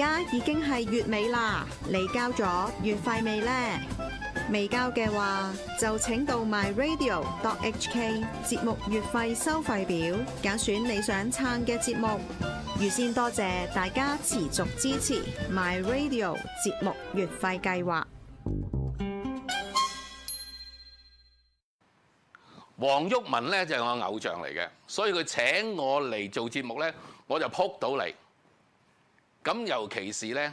而家已經係月尾啦，你交咗月費未呢？未交嘅話，就請到 myradio.hk 節目月費收費表，揀選你想撐嘅節目。預先多謝大家持續支持 myradio 節目月費計劃。黃毓民呢就係我偶像嚟嘅，所以佢請我嚟做節目呢，我就撲到嚟。咁尤其是咧，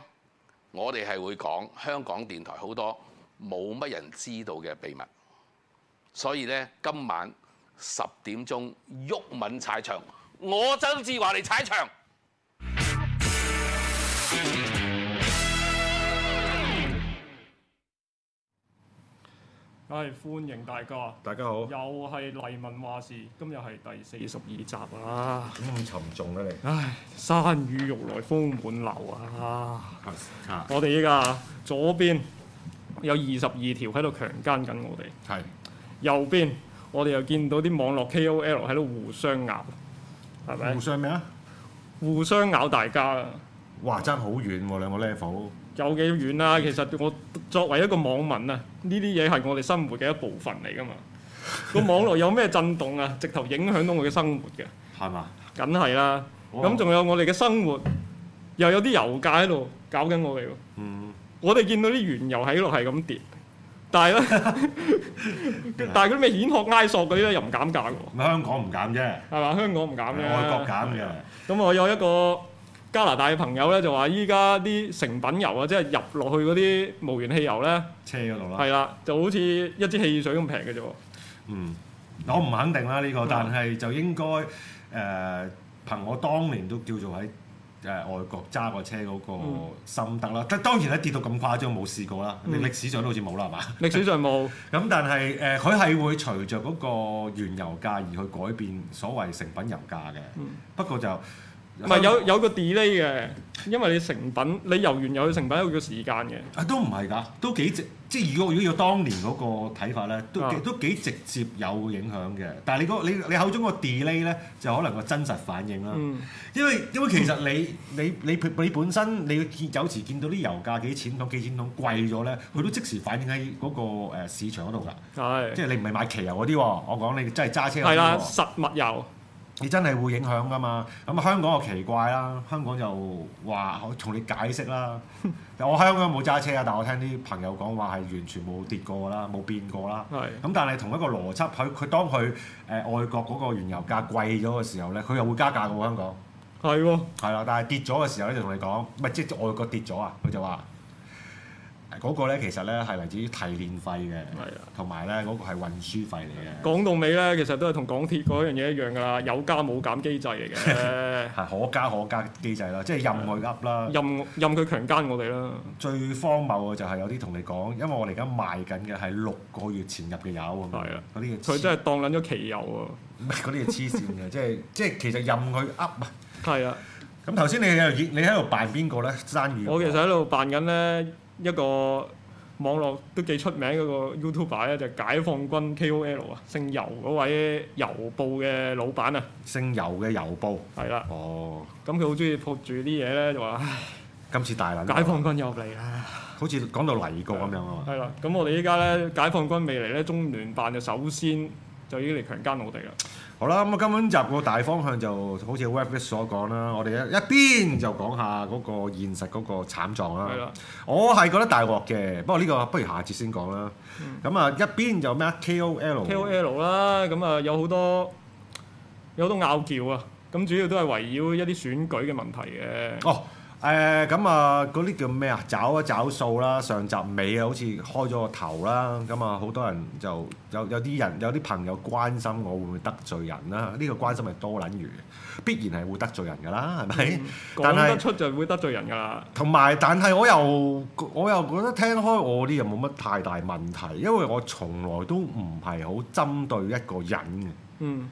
我哋係會講香港電台好多冇乜人知道嘅秘密，所以呢，今晚十點鐘毓民踩場，我周志華嚟踩場。係、哎、歡迎大家，大家好，又係黎民話事，今日係第四十二集啦。咁集、啊、沉重嘅你？唉、哎，山雨欲來風滿樓啊！啊啊啊我哋依家左邊有二十二條喺度強姦緊我哋，是右邊我哋又見到啲網絡 KOL 喺度互相咬，係咪？互相咩？互相咬大家。嘩啊！哇！爭好遠喎，兩個 level。有幾遠啦、啊？其實我作為一個網民啊，呢啲嘢係我哋生活嘅一部分嚟噶嘛。個網絡有咩震動啊？直頭影響到我嘅生活嘅，係嘛嗎？梗係啦。咁仲、哦、有我哋嘅生活又有啲油價喺度搞緊我哋喎。嗯嗯我哋見到啲原油喺度係咁跌，但係咧， 但係嗰啲咩蜆殼埃索嗰啲咧又唔減價喎。咪香港唔減啫。係嘛？香港唔減啫。外國減嘅。咁我有一個。加拿大嘅朋友咧就話：依家啲成品油啊，即係入落去嗰啲無鉛汽油咧，車嗰度啦，係啦，就好似一支汽水咁平嘅啫喎。嗯，嗯我唔肯定啦呢、呢個，嗯、但係就應該誒、呃，憑我當年都叫做喺誒、呃、外國揸過車嗰個心得啦。嗯、但當然咧跌到咁誇張冇試過啦，嗯、你歷史上都好似冇啦係嘛？歷史上冇。咁 但係誒，佢、呃、係會隨着嗰個原油價而去改變所謂成品油價嘅。嗯、不過就。唔係有有個 delay 嘅，因為你成品你游完有個成品有個時間嘅。都唔係㗎，都幾直，即係如果如果要當年嗰個睇法咧，都、嗯、都幾直接有影響嘅。但係你你你口中個 delay 咧，就可能個真實反應啦。嗯、因為因為其實你你你，你本身你見有時見到啲油價幾錢桶幾錢桶貴咗咧，佢都即時反映喺嗰個誒市場嗰度㗎。是的 即係你唔係買期油嗰啲喎，我講你真係揸車係啦實物油。你真係會影響㗎嘛？咁、嗯、香港又奇怪啦，香港就話我同你解釋啦。 我喺香港冇揸車啊，但我聽啲朋友講話係完全冇跌過㗎啦，冇變過啦。咁的、嗯、但係同一個邏輯，佢佢當佢誒、呃、外國嗰個原油價貴咗嘅時候咧，佢又會加價㗎喎香港。係喎的。係啦，但係跌咗嘅時候咧，就同你講，唔係即係外國跌咗啊，佢就話。嗰個咧，其實咧係嚟自於提煉費嘅，同埋咧嗰個係運輸費嚟嘅。講到尾咧，其實都係同港鐵嗰樣嘢一樣㗎啦，有加冇減機制嚟嘅，係可加可加機制啦，即係任佢噏啦，任任佢強姦我哋啦。最荒謬嘅就係有啲同你講，因為我哋而家賣緊嘅係六個月前入嘅油啊，嗰啲佢真係當撚咗期油啊！唔係嗰啲嘢黐線嘅，即係即係其實任佢噏唔係。係啊，咁頭先你又演你喺度扮邊個咧？生意？我其實喺度扮緊咧。一個網絡都幾出名嗰個 YouTuber 咧，就解放軍 KOL 啊，姓尤嗰位郵報嘅老闆啊，姓尤嘅郵報，係啦了，哦，咁佢好中意撲住啲嘢咧，就話唉，今次大難，解放軍又嚟啦，好似講到泥焗咁樣啊嘛，係啦，咁我哋依家咧解放軍未嚟咧，中聯辦就首先就已經嚟強奸我哋啦。好啦，咁啊，今日集個大方向就好似 Webb 所講啦，我哋一一邊就講下嗰個現實嗰個慘狀啦。對啦，我係覺得大鑊嘅，不過呢個不如下節先講啦。咁啊，一邊就咩啊？KOL KOL 啦，咁啊有好多有好多拗撬啊，咁主要都係圍繞一啲選舉嘅問題嘅。哦。誒咁啊！嗰啲，嗯、叫咩啊？找一找數啦，上集尾啊，好似開咗個頭啦。咁啊，好多人就有有啲人有啲朋友關心我會唔會得罪人啦？呢，呢個關心係多撚餘，必然係會得罪人噶啦，係咪？講，嗯、得，是得出就會得罪人噶。同埋，但係我又我又覺得聽開我啲又冇乜太大問題，因為我從來都唔係好針對一個人嘅。嗯、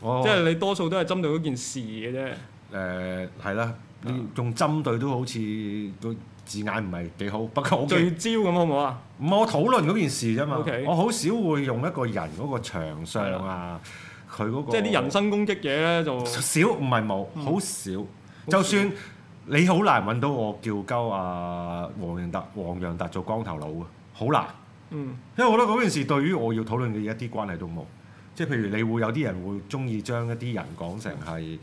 我即係你多數都係針對嗰件事嘅啫。誒、呃，係啦。用針對都好似個字眼唔係幾好，不過聚、OK, 焦咁好唔好啊？唔係我討論嗰件事啫嘛。Okay. 我好少會用一個人嗰個長相啊，佢嗰、啊那個即係啲人身攻擊嘢咧就少，唔係冇，好、嗯、少。少就算你好難揾到我叫鳩啊黃楊達，黃楊達做光頭佬啊，好難。嗯、因為我覺得嗰件事對於我要討論嘅嘢一啲關係都冇。即、就、係、是、譬如你會有啲人會中意將一啲人講成係。嗯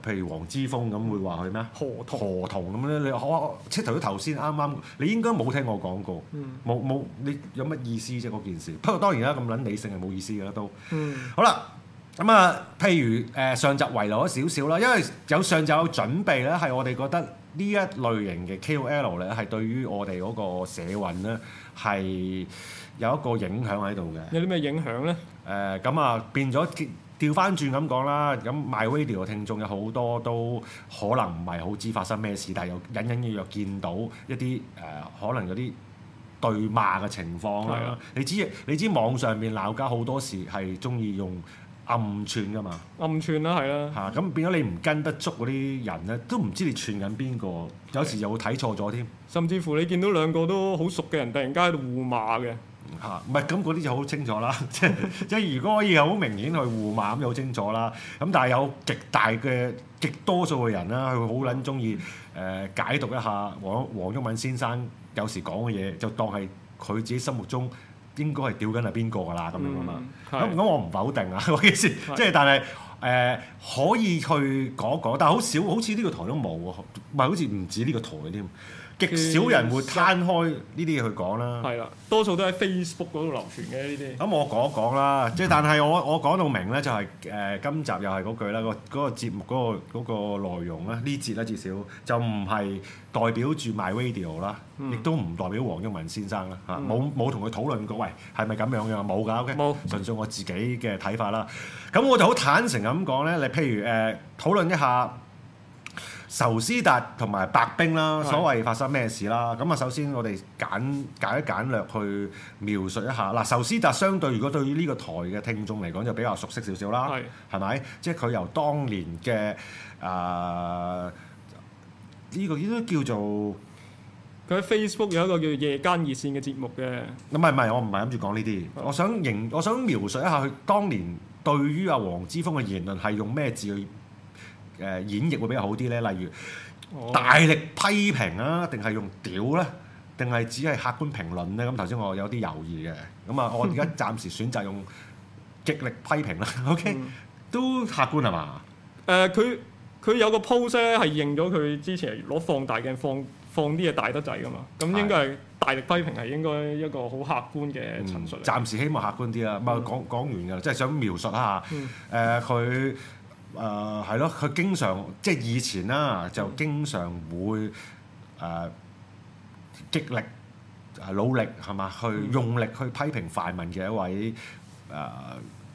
誒，譬如黃之鋒咁會話佢咩啊？何何同咁咧？你可即係頭先啱啱，你應該冇聽我講過，冇冇你有乜意思啫嗰件事？不過當然啦，咁撚理性係冇意思嘅啦，都好啦。咁啊，譬如誒上集遺留咗少少啦，因為有上集有準備咧，係我哋覺得呢一類型嘅 KOL 咧，係對於我哋嗰個社運咧係有一個影響喺度嘅。有啲咩影響咧？誒咁啊，變咗。調翻轉咁講啦，咁 MyRadio 嘅聽眾有好多都可能唔係好知發生咩事，但係又隱隱約約見到一啲誒、呃、可能嗰啲對罵嘅情況啦是的。你知你知網上面鬧交好多時係中意用暗串㗎嘛？暗串啦，係啦、啊。嚇，咁變咗你唔跟得足嗰啲人咧，都唔知你串緊邊個，是的 有時又會睇錯咗添。甚至乎你見到兩個都好熟嘅人，突然間喺度互罵嘅。嚇，唔係咁嗰啲就好清楚啦，即 即如果可以好明顯去互碼互罵咁，就好清楚啦。咁但係有極大嘅極多數嘅人啦，佢好撚中意誒解讀一下黃黃毓民先生有時講嘅嘢，就當係佢自己心目中應該係屌緊係邊個㗎啦咁樣啊嘛。咁咁我唔否定啊，我意思即係但係誒、呃、可以去講一講，但係好少，好似呢個台都冇，唔係好似唔止呢個台添。極少人會攤開呢啲嘢去講啦，係啦，多數都喺 Facebook 嗰度流傳嘅呢啲。咁我講一講啦，即係 但係我我講到明咧就係、是、誒、呃、今集又係嗰句啦，嗰、嗰個節目嗰、嗰個嗰、嗰個內容咧呢節咧、啊、至少就唔係代表住 MyRadio 啦，嗯、亦都唔代表黃毓民先生啦，冇冇同佢討論過，喂係咪咁樣嘅冇㗎，OK，冇純粹我自己嘅睇法啦。咁我就好坦誠咁講咧，你譬如誒、呃、討論一下。仇斯達同埋白冰啦，所謂發生咩事啦？咁啊，首先我哋簡簡簡略去描述一下。嗱，仇斯達相對如果對於呢個台嘅聽眾嚟講就比較熟悉少少啦，係咪是的？即係佢由當年嘅啊呢個應該叫做佢喺 Facebook 有一個叫夜間熱線嘅節目嘅。唔係唔係，我唔係諗住講呢啲，是的 我想形我想描述一下佢當年對於阿黃之鋒嘅言論係用咩字去、誒演繹會比較好啲咧，例如、oh，大力批評啊，定係用屌咧，定係只係客觀評論咧？咁頭先我有啲猶豫嘅，咁啊，我而家暫時選擇用極力批評啦。OK，都客觀係嘛？誒，佢佢、呃、有個 pose 咧，係認咗佢之前攞放大鏡放放啲嘢大得滯噶嘛，咁應該係大力批評係應該一個好客觀嘅陳述、嗯。暫時希望客觀啲啦，唔係講講完㗎啦，即係想描述一下誒佢。呃誒係咯，佢、呃、經常即係以前啦、啊，就經常會誒、呃、極力努力係嘛，去用力去批評泛民嘅一位誒、呃、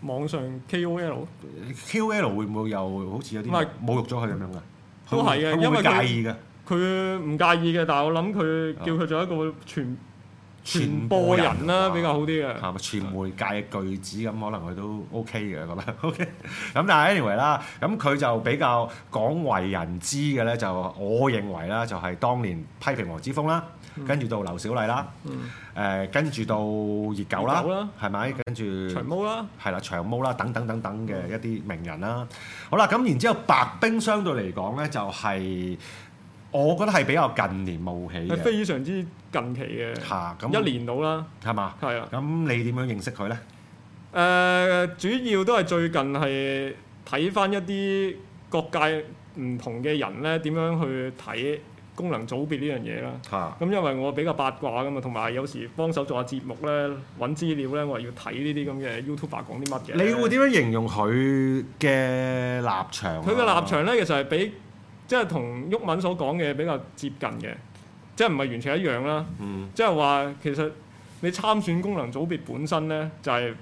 網上 KOL，KOL 會唔會又好似有啲侮辱咗佢咁樣噶？都係嘅，因為佢佢唔介意嘅，但係我諗佢叫佢做一個全。傳播人啦，比較好啲嘅，係咪傳媒界嘅巨子咁，可能佢都 OK 嘅，覺得 OK。咁但係 anyway 啦，咁佢就比較廣為人知嘅咧，就我認為啦，就係當年批評黃之鋒啦，嗯、跟住到劉小麗啦，誒、嗯呃、跟住到熱狗啦，係咪？跟住長毛啦，係啦長毛啦，等等等等嘅一啲名人啦。好啦，咁然之後白冰相對嚟講咧就係、是。我覺得係比較近年冒起嘅，係非常之近期嘅，啊、一年到啦，係嘛吧？係是啊。咁你點樣認識佢咧？誒、呃，主要都係最近係睇翻一啲各界唔同嘅人咧，點樣去睇功能組別呢樣嘢啦。嚇。咁因為我比較八卦咁啊，同埋有，有時幫手做下節目咧，揾資料咧，我又要睇呢啲咁嘅 YouTuber 講啲乜嘢。你會點樣形容佢嘅立場？佢嘅立場咧，其實係比。即係同毓民所講嘅比較接近嘅，即係唔係完全一樣啦。嗯、即係話其實你參選功能組別本身咧，就係、是、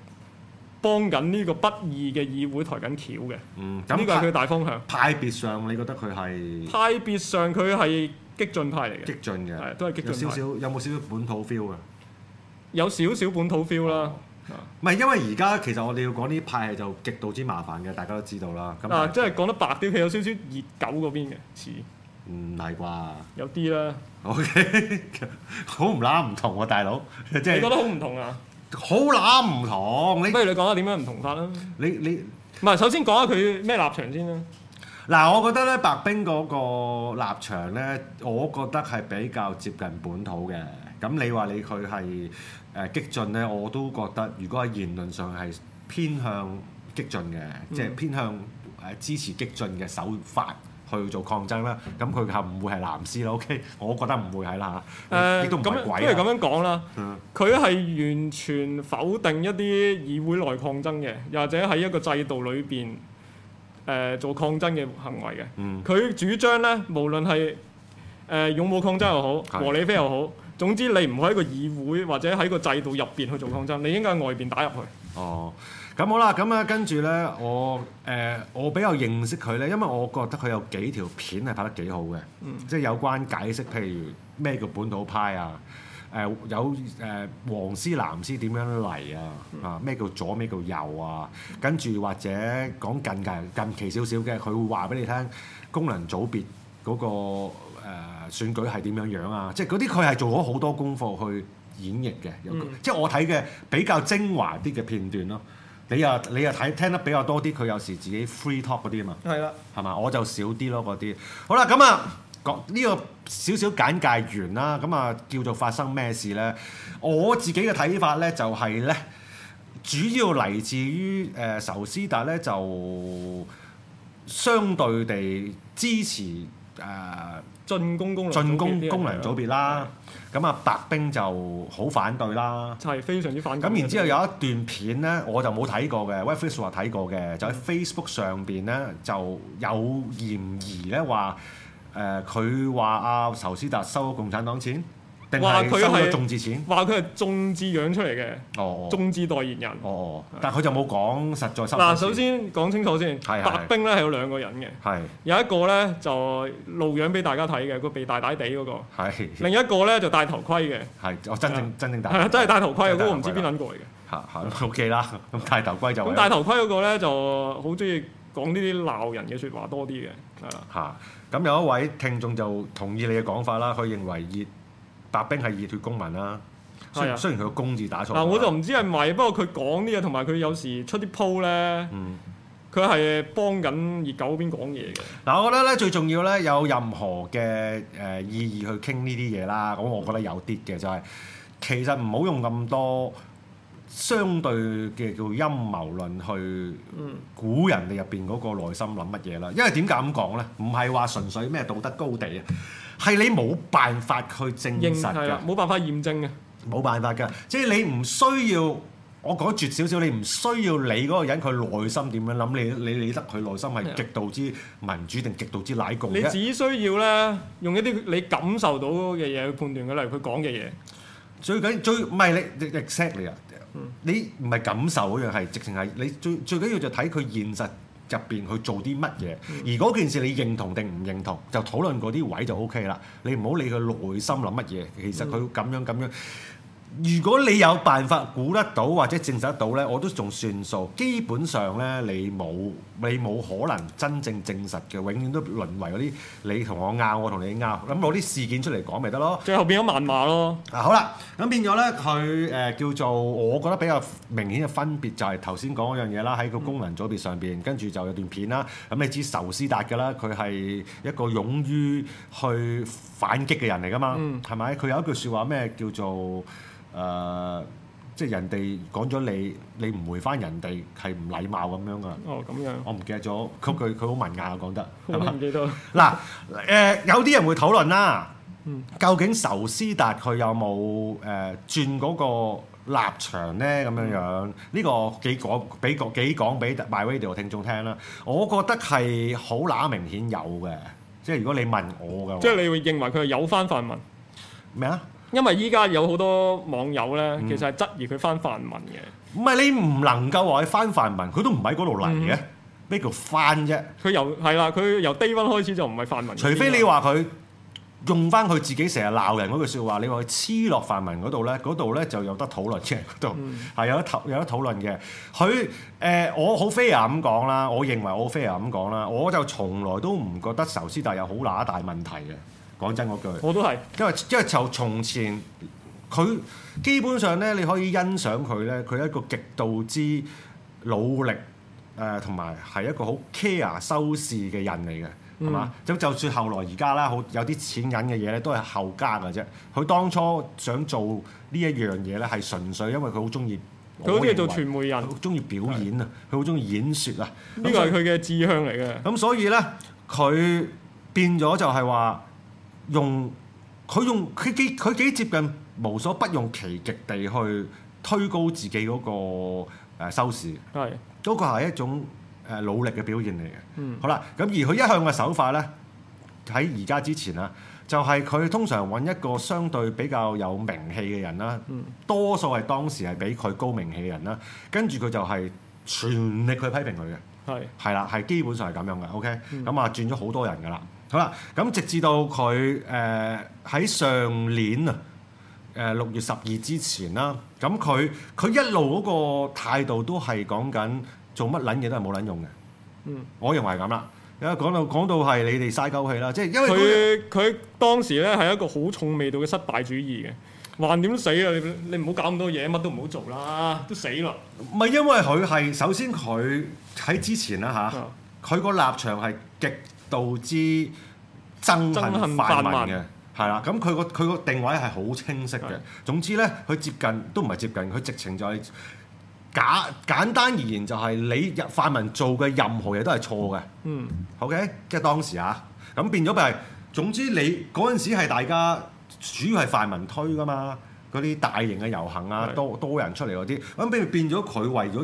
幫緊呢個不義嘅議會抬緊轎嘅。呢個係佢大方向。派別上，你覺得佢係派別上佢係激進派嚟嘅。激進嘅，都係激進派。有少少有冇少少本土 feel 嘅？有少少本土 feel 啦。嗯唔係，因為而家其實我哋要講呢派係就極度之麻煩嘅，大家都知道啦。啊，即係講得白啲，佢有少少熱狗嗰邊嘅似，唔係啩？嗯、有啲啦。O K，好唔啱唔同喎、啊，大佬。你覺得好唔同啊？好啱唔同。你不如你講下點樣唔同法啦？你你唔係首先講下佢咩立場先啦？嗱，我覺得咧白冰嗰個立場咧，我覺得係比較接近本土嘅。咁你話你佢係？誒激進咧，我都覺得如果喺言論上係偏向激進嘅，嗯、即係偏向誒支持激進嘅手法去做抗爭啦，咁佢係唔會係藍絲啦，OK？我覺得唔會係啦嚇。誒亦都唔係鬼。不如咁樣講啦，佢係、嗯、完全否定一啲議會內抗爭嘅，或者喺一個制度裏邊誒做抗爭嘅行為嘅。佢、嗯、主張咧，無論係誒勇武抗爭又好，和理非又好。嗯總之，你唔可以喺個議會或者喺個制度入邊去做抗爭，你應該喺外邊打入去。哦，咁好啦，咁咧跟住咧，我誒、呃、我比較認識佢咧，因為我覺得佢有幾條片係拍得幾好嘅，嗯、即係有關解釋，譬如咩叫本土派啊，誒、呃、有誒、呃、黃絲藍絲點樣嚟啊，咩、啊、叫左咩叫右啊，跟住或者講近近期少少嘅，佢會話俾你聽功能組別嗰、那個。選舉係點樣樣啊？即係嗰啲佢係做咗好多功夫去演繹嘅，嗯、即係我睇嘅比較精華啲嘅片段咯。你又你又睇聽得比較多啲，佢有時自己 free talk 嗰啲啊嘛。係啦，係嘛？我就少啲咯嗰啲。好啦，咁啊，呢、呢個少少簡介完啦。咁啊，叫做發生咩事咧？我自己嘅睇法咧，就係、係、咧，主要嚟自於誒、呃、仇斯達咧，就相對地支持誒。呃進攻功能，、嗯、功能組別啦，咁啊的白冰就好反對啦，就係非常之反對。咁然後之後有一段片咧，我就冇睇過嘅，WeChat 話睇過嘅，就喺 Facebook 上邊咧就有嫌疑咧話，誒佢話阿仇斯達收咗共產黨錢。話佢係話佢係眾志養出嚟嘅，哦，眾志代言人，但佢就冇講實在收。嗱，首先講清楚先，白兵咧係有兩個人嘅，有一個咧就露樣俾大家睇嘅，個鼻大大地嗰個，另一個咧就戴頭盔嘅，係真正真正戴係戴頭盔，我都唔知邊撚過嚟嘅，嚇嚇 OK 啦，咁戴頭盔就咁戴頭盔嗰個咧就好中意講呢啲鬧人嘅説話多啲嘅，係啦，嚇咁有一位聽眾就同意你嘅講法啦，佢認為熱白冰係熱血公民啦，雖雖然佢個公字打錯。但、啊、我就唔知係咪，不過佢講啲嘢同埋佢有時出啲 po 咧，佢係、嗯、幫緊熱狗邊講嘢嘅。嗱、嗯，我覺得咧最重要咧，有任何嘅誒意義去傾呢啲嘢啦，咁我覺得有啲嘅就係、是、其實唔好用咁多相對嘅叫陰謀論去估人哋入邊嗰個內心諗乜嘢啦。因為點解咁講咧？唔係話純粹咩道德高地啊。係你冇辦法去證實嘅，冇辦法驗證嘅，冇辦法㗎。即係你唔需要，我講絕少少，你唔需要理嗰個人佢內心點樣諗，你你理得佢內心係極度之民主定極度之奶共，你只需要咧用一啲你感受到嘅嘢去判斷佢。例如佢講嘅嘢。最緊最唔係你，exactly 啊，你唔係、exactly。嗯、感受嗰樣係，直情係你最最緊要就睇佢現實。入邊去做啲乜嘢，而嗰件事你認同定唔認同，就討論嗰啲位就 OK 啦。你唔好理佢內心諗乜嘢，其實佢咁樣咁樣。如果你有辦法估得到或者證實得到咧，我都仲算數。基本上咧，你冇你冇可能真正證實嘅，永遠都淪為嗰啲你同我拗，我同你拗。咁攞啲事件出嚟講咪得咯。最後變咗謾罵咯。好啦，咁變咗咧，佢、呃、誒叫做我覺得比較明顯嘅分別就係頭先講嗰樣嘢啦，喺個功能組別上邊，跟住、嗯、就有段片啦。咁、嗯、你知仇斯達㗎啦，佢係一個勇於去反擊嘅人嚟㗎嘛，係咪、嗯？佢有一句説話咩叫做？誒、呃，即係人哋講咗你，你唔回翻人哋係唔禮貌咁樣噶。哦，咁樣我、嗯啊。我唔記得咗，佢佢佢好文雅講得，係嘛？嗱，誒有啲人會討論啦、啊。嗯、究竟仇思達佢有冇誒、呃、轉嗰個立場咧？咁樣樣呢、嗯、個幾講，俾講幾，幾講俾 My Radio 聽眾聽啦。我覺得係好那明顯有嘅。即係如果你問我嘅話，即係你會認為佢有翻泛民咩啊？麼因為依家有好多網友咧，其實係質疑佢翻泛民嘅、嗯。唔係你唔能夠話佢翻泛民，佢都唔喺嗰度嚟嘅，咩、嗯、叫翻啫？佢由係啦，佢由 day one 開始就唔係泛民。除非你話佢用翻佢自己成日鬧人嗰句説話，你話佢黐落泛民嗰度咧，嗰度咧就有得討論嘅。嗰度係有得有得討論嘅。佢誒、呃，我好 fair 咁講啦，我認為我好 fair 咁講啦，我就從來都唔覺得仇思弟有好乸大問題嘅。講真嗰句，我都係，因為因為就從前佢基本上咧，你可以欣賞佢咧，佢係一個極度之努力誒，同埋係一個好 care 收視嘅人嚟嘅，係嘛？咁、嗯、就，就算後來而家啦，好有啲錢銀嘅嘢咧，都係後加嘅啫。佢當初想做呢一樣嘢咧，係純粹因為佢好中意，佢好中意做傳媒人，好中意表演啊，佢好中意演説啊，呢個係佢嘅志向嚟嘅。咁所以咧，佢變咗就係話。用佢用佢幾佢幾接近無所不用其極地去推高自己嗰個誒收視，係是都確係一種誒努力嘅表現嚟嘅。嗯、好啦，咁而佢一向嘅手法咧，喺而家之前啦、啊，就係、是、佢通常揾一個相對比較有名氣嘅人啦、啊，嗯、多數係當時係比佢高名氣嘅人啦、啊，跟住佢就係全力去批評佢嘅，係係啦，係基本上係咁樣嘅。OK，咁啊、嗯、轉咗好多人噶啦。好啦，咁直至到佢誒喺上年啊，誒、呃、六月十二之前啦，咁佢佢一路嗰個態度都係講緊做乜撚嘢都係冇撚用嘅。嗯，我認為係咁啦。而家講到講到係你哋嘥鳩氣啦，即係因為佢佢當時咧係一個好重味道嘅失敗主義嘅，橫點死啊！你你唔好搞咁多嘢，乜都唔好做啦，都死咯。唔係因為佢係首先佢喺之前啦吓，佢個、嗯、立場係極。導致憎恨泛民嘅，係啦。咁佢個佢個定位係好清晰嘅。是的 總之咧，佢接近都唔係接近，佢直情在、就係、假簡單而言就係、是、你泛民做嘅任何嘢都係錯嘅。嗯，OK，即係當時啊，咁變咗佢係總之你嗰陣時係大家主要係泛民推㗎嘛，嗰啲大型嘅遊行啊，是的 多多人出嚟嗰啲，咁變變咗佢為咗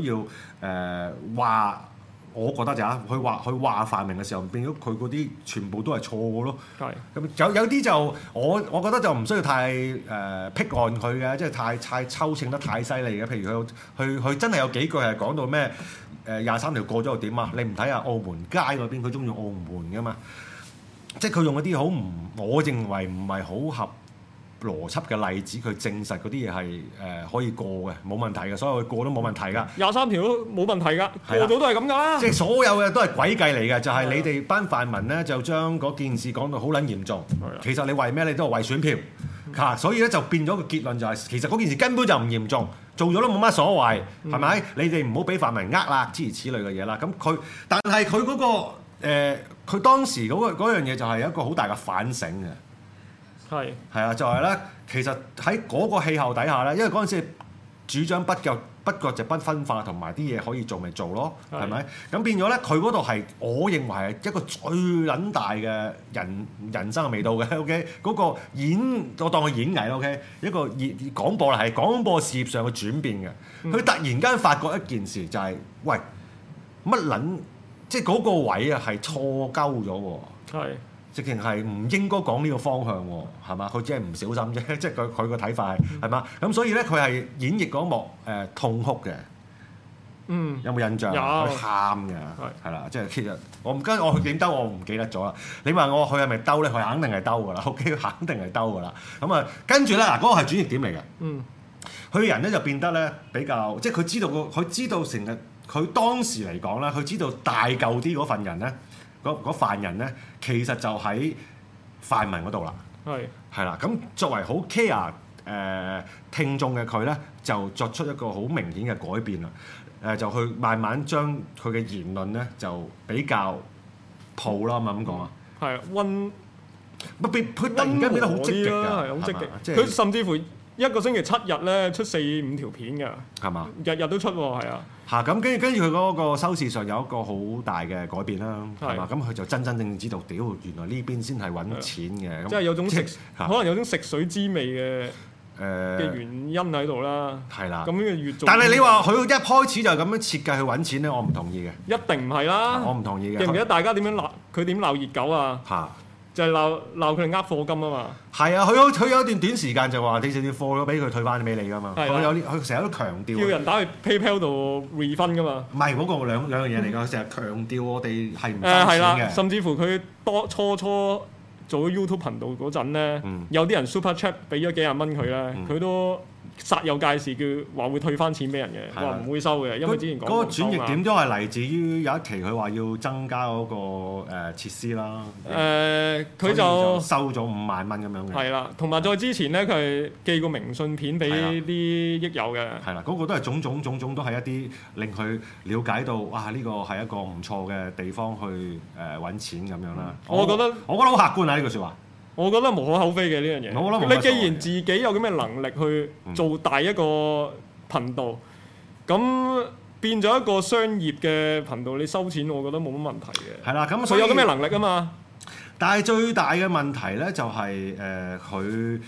要誒話。呃我覺得就嚇、啊，佢話佢話繁榮嘅時候，變咗佢嗰啲全部都係錯嘅咯。咁當然、嗯、有有啲就我我覺得就唔需要太誒辟、呃、案佢嘅，即係太太抽秤得太犀利嘅。譬如佢佢佢真係有幾句係講到咩誒廿三條過咗又點啊？你唔睇下澳門街嗰邊，佢中意澳門㗎嘛？即係佢用嗰啲好唔，我認為唔係好合。邏輯嘅例子，佢證實嗰啲嘢係誒可以過嘅，冇問題嘅，所以佢過都冇問題噶。廿三條都冇問題噶，的過到都係咁噶啦。即係所有嘅都係詭計嚟嘅，是的 就係你哋班泛民咧，就將嗰件事講到好撚嚴重。是的 其實你為咩？你都係為選票嚇的，所以咧就變咗個結論就係、是，其實嗰件事根本就唔嚴重，做咗都冇乜所謂，係咪？嗯、你哋唔好俾泛民呃啦，諸如此類嘅嘢啦。咁佢，但係佢嗰個佢、呃、當時嗰樣嘢就係一個好大嘅反省嘅。係係啊，就係、是、咧，其實喺嗰個氣候底下咧，因為嗰陣時主張不割，不割就不分化同埋啲嘢可以做咪做咯，係咪是的？咁變咗咧，佢嗰度係我認為係一個最撚大嘅人人生嘅味道嘅，OK，嗰個演我當佢演藝 o、okay? k 一個演廣播啦，係廣播事業上嘅轉變嘅，佢、嗯、突然間發覺一件事就係、是，喂，乜撚即係嗰個位啊係錯鳩咗喎。係。直情係唔應該講呢個方向喎，係嘛？佢只係唔小心啫，即係佢佢個睇法係嘛？咁、嗯嗯、所以咧，佢係演繹嗰幕誒痛哭嘅，嗯，有冇印象？有喊嘅係啦，即係其實我唔跟我去點兜，我唔記得咗啦。你問我佢係咪兜咧？佢肯定係兜噶啦，OK，肯定係兜噶啦。咁啊，跟住咧嗱，嗰個係轉折點嚟嘅，嗯，佢人咧就變得咧比較，即係佢知道佢知道成日佢當時嚟講咧，佢知道大舊啲嗰份人咧。嗰嗰犯人咧，其實就喺泛民嗰度啦，係係啦。咁作為好 care 誒、呃、聽眾嘅佢咧，就作出一個好明顯嘅改變啦。誒、呃、就去慢慢將佢嘅言論咧，就比較抱啦，係咪咁講啊，係温，唔係佢突然間變得好積極㗎，係好積極，佢、即係、甚至乎。一個星期七日咧，出四五條片㗎，係嘛？日日都出喎，係啊。嚇！咁跟住跟住佢嗰個收視上有一個好大嘅改變啦，係嘛？咁佢就真真正正知道，屌原來呢邊先係揾錢嘅。即係有種食可能有種食水滋味嘅誒嘅原因喺度啦。係啦，咁越但係你話佢一開始就咁樣設計去揾錢咧，我唔同意嘅。一定唔係啦，我唔同意嘅。記唔記得大家點樣鬧佢點鬧熱狗啊？嚇！就係鬧鬧佢哋呃貨金啊嘛，係啊，佢有佢有一段短時間就話啲啲貨都俾佢退翻俾你噶嘛，佢、啊、有佢成日都強調，叫人打去 PayPal 度 refund 噶嘛，唔係嗰個兩兩樣嘢嚟㗎，成日、嗯、強調我哋係唔收錢嘅、啊啊，甚至乎佢多初初做 YouTube 頻道嗰陣咧，嗯、有啲人 Super Chat 俾咗幾廿蚊佢咧，佢、嗯、都。煞有介事，佢話會退翻錢俾人嘅，話唔的會收嘅，因為之前講嗰個轉譯點都係嚟自於有一期佢話要增加嗰個誒設施啦。誒、呃，佢就，就收咗五萬蚊咁樣嘅。係啦，同埋再之前咧，佢寄個明信片俾啲益友嘅。係啦，嗰、那個都係種種種種都係一啲令佢了解到，哇！呢個係一個唔錯嘅地方去誒揾錢咁樣啦。嗯、我覺得，我覺得好客觀啊呢句説話。我覺得無可厚非嘅，呢樣嘢，你既然自己有咁嘅能力去做大一個頻道，咁、嗯、變咗一個商業嘅頻道，你收錢，我覺得冇乜問題嘅。係啦，咁所以佢有咁嘅能力啊嘛。但係最大嘅問題咧、就係，就係誒佢。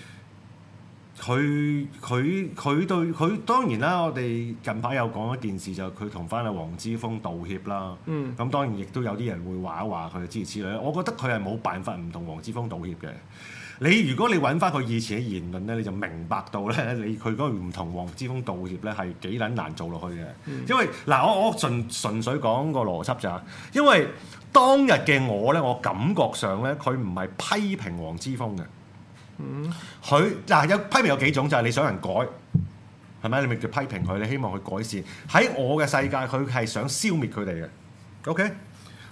佢佢佢對佢當然啦，我哋近排有講一件事，就佢同翻阿黃之鋒道歉啦。咁、嗯、當然亦都有啲人會話一話佢諸如此類。我覺得佢係冇辦法唔同黃之鋒道歉嘅。你如果你揾翻佢以前嘅言論咧，你就明白到咧，你佢嗰句唔同黃之鋒道歉咧係幾撚難做落去嘅。因為嗱，我我純純粹講個邏輯咋！因為當日嘅我咧，我感覺上咧，佢唔係批評黃之鋒嘅。嗯，佢嗱有批評有幾種，就係、是、你想人改，係咪？你咪叫批評佢，你希望佢改善。喺我嘅世界，佢係想消滅佢哋嘅，OK？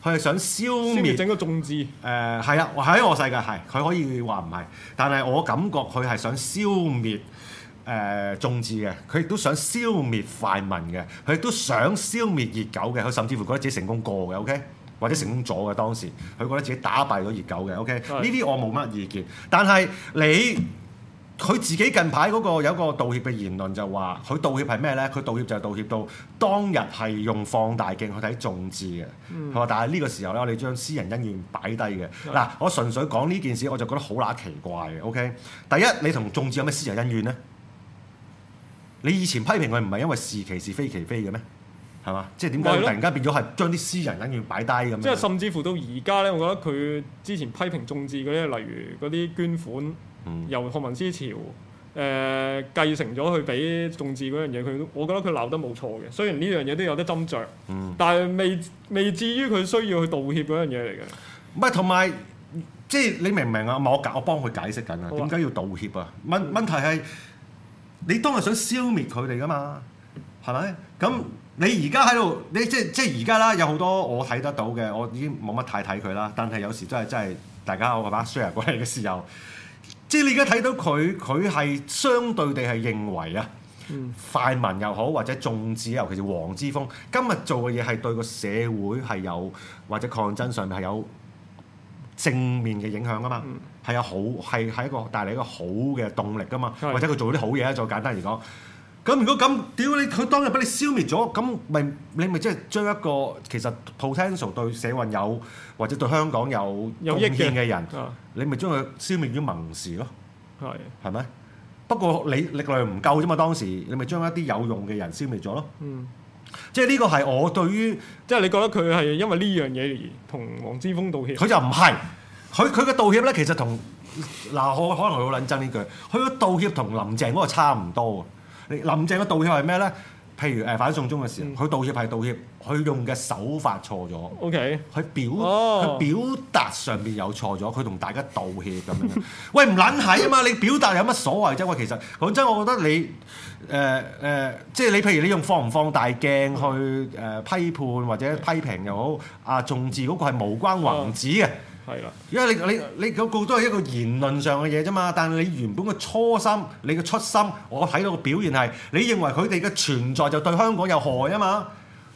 佢係想消滅，消滅整個眾志，誒係、呃、啊！喺我世界係，佢可以話唔係，但係我感覺佢係想消滅誒、呃、眾志嘅，佢亦都想消滅泛民嘅，佢亦都想消滅熱狗嘅，佢甚至乎覺得自己成功過嘅，OK？或者成功咗嘅當時，佢覺得自己打敗咗熱狗嘅。OK，呢啲的我冇乜意見，但係你佢自己近排嗰個有個道歉嘅言論就話佢道歉係咩咧？佢道歉就係道歉到當日係用放大鏡去睇眾志嘅，佢話、嗯？但係呢個時候咧，你將私人恩怨擺低嘅嗱，我純粹講呢件事，我就覺得好乸奇怪嘅。OK，第一，你同眾志有咩私人恩怨咧？你以前批評佢唔係因為是其是非其非嘅咩？係嘛？即係點解佢突然間變咗係將啲私人恩怨擺低咁。即係甚至乎到而家咧，我覺得佢之前批評眾志嗰啲，例如嗰啲捐款，由學民思潮誒、嗯呃、繼承咗去俾眾志嗰樣嘢，佢，我覺得佢鬧得冇錯嘅。雖然呢樣嘢都有得斟酌，嗯、但係未未至於佢需要去道歉嗰樣嘢嚟嘅。唔係，同埋即係你明唔明啊？我我幫佢解釋緊啊，點解要道歉啊？問問題係、嗯、你當係想消滅佢哋㗎嘛？係咪咁？你而家喺度，你即係即而家啦，有好多我睇得到嘅，我已經冇乜太睇佢啦。但係有時都係真係大家我爸爸 share 過嚟嘅時候，即係你而家睇到佢，佢係相對地係認為啊，嗯、泛民又好或者眾志，尤其是黃之鋒，今日做嘅嘢係對個社會係有或者抗爭上面係有正面嘅影響㗎嘛，係、嗯、有好係喺一個帶嚟一個好嘅動力噶嘛，的或者佢做啲好嘢啊，就簡單嚟講。咁如果咁，屌你佢當日俾你消滅咗，咁咪你咪即係將一個其實 potential 對社運有或者對香港有益嘅人，你咪將佢消滅於萌時咯。係係咪？不過你力量唔夠啫嘛。當時你咪將一啲有用嘅人消滅咗咯。嗯，即係呢個係我對於即係你覺得佢係因為呢樣嘢而同黃之鋒道歉。佢就唔係佢佢嘅道歉咧，其實同嗱我可能好撚憎呢句，佢嘅道歉同林鄭嗰個差唔多。林鄭嘅道歉係咩咧？譬如誒反送中嘅時候，佢、嗯、道歉係道歉，佢用嘅手法錯咗。OK，佢表佢、oh. 表達上邊有錯咗，佢同大家道歉咁樣。 喂，唔撚係啊嘛！你表達有乜所謂啫？喂，其實講真，我覺得你誒誒、呃呃，即係你譬如你用放唔放大鏡去誒批判或者批評又好，啊，眾志嗰個係無關宏旨嘅。Oh. 係啦，因為你你你個個都係一個言論上嘅嘢啫嘛，但係你原本嘅初心，你嘅初心，我睇到嘅表現係你認為佢哋嘅存在就對香港有害啊嘛，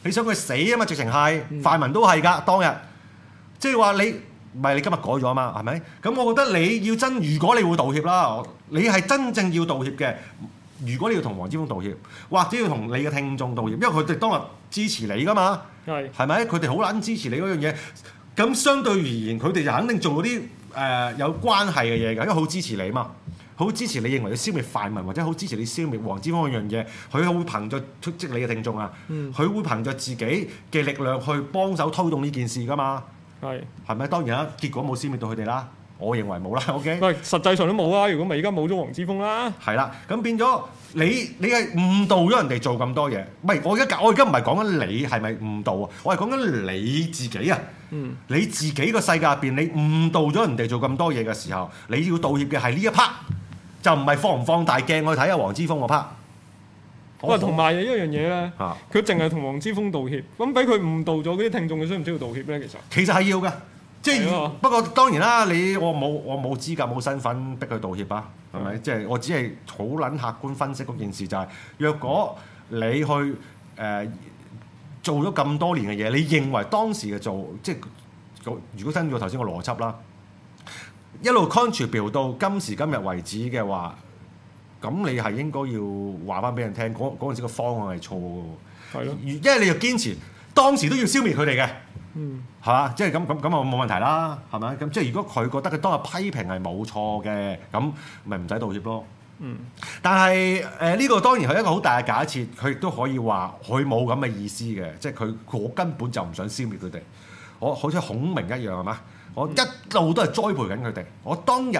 你想佢死啊嘛，直情係泛民都係噶當日，即係話你唔係你今日改咗啊嘛，係咪？咁我覺得你要真如果你會道歉啦，你係真正要道歉嘅，如果你要同黃之鋒道歉，或者要同你嘅聽眾道歉，因為佢哋當日支持你噶嘛，係係咪？佢哋好撚支持你嗰樣嘢。咁相對而言，佢哋就肯定做嗰啲誒有關係嘅嘢㗎，因為好支持你嘛，好支持你認為要消滅泛民或者好支持你消滅黃之鋒嗰樣嘢，佢會憑着出席你嘅聽眾啊，佢、嗯、會憑着自己嘅力量去幫手推動呢件事㗎嘛，係咪是？當然啦，結果冇消滅到佢哋啦。我認為冇啦，OK。實際上都冇啊！如果咪而家冇咗黃之鋒啦，係啦，咁變咗你你係誤導咗人哋做咁多嘢，唔係我而家我而家唔係講緊你係咪誤導啊，我係講緊你自己啊，嗯、你自己個世界入邊你誤導咗人哋做咁多嘢嘅時候，你要道歉嘅係呢一 part，就唔係放唔放大鏡去睇下黃之鋒個 part。喂，同埋有一樣嘢咧，佢淨係同黃之鋒道歉，咁俾佢誤導咗嗰啲聽眾，佢需唔需要道歉咧？其實其實係要㗎。即係不過當然啦，你我冇我冇資格冇身份逼佢道歉啊，係咪？即係我只係好撚客觀分析嗰件事就係、是，若果你去誒、呃、做咗咁多年嘅嘢，你認為當時嘅做即係如果跟住我頭先個邏輯啦，一路 contribute 到今時今日為止嘅話，咁你係應該要話翻俾人聽，嗰嗰陣時個方案係錯嘅喎。是的 因為你要堅持當時都要消滅佢哋嘅。嗯，係嘛？即係咁咁咁啊，冇問題啦，係咪？咁即係如果佢覺得佢當日批評係冇錯嘅，咁咪唔使道歉咯。嗯，但，但係誒呢個當然係一個好大嘅假設，佢亦都可以話佢冇咁嘅意思嘅，即係佢我根本就唔想消滅佢哋，我好似孔明一樣係嘛？我一路都係栽培緊佢哋，我當日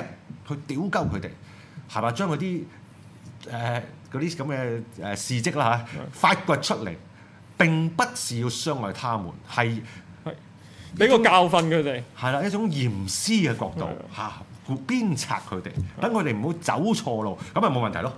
去屌鳩佢哋係咪將佢啲誒嗰啲咁嘅誒事蹟啦嚇發掘出嚟，並不是要傷害他們，係。俾個教訓佢哋，係啦，一種嚴師嘅角度嚇，是的 鞭策佢哋，等佢哋唔好走錯路，咁咪冇問題咯。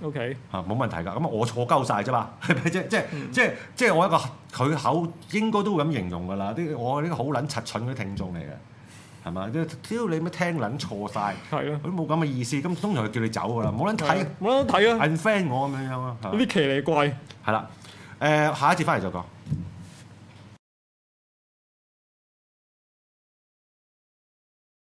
OK 冇問題㗎。咁啊，我錯鳩晒啫嘛，係咪啫？即係、嗯、即係即係我一個佢口應該都會咁形容㗎啦。我呢個好撚柒蠢嘅聽眾嚟嘅，係嘛？屌你咩聽撚錯晒，佢都冇咁嘅意思。咁通常佢叫你走㗎啦，冇撚睇，冇撚睇啊、嗯、unfriend 我咁樣樣啊，有啲奇離怪。係啦，誒，下一次翻嚟再講。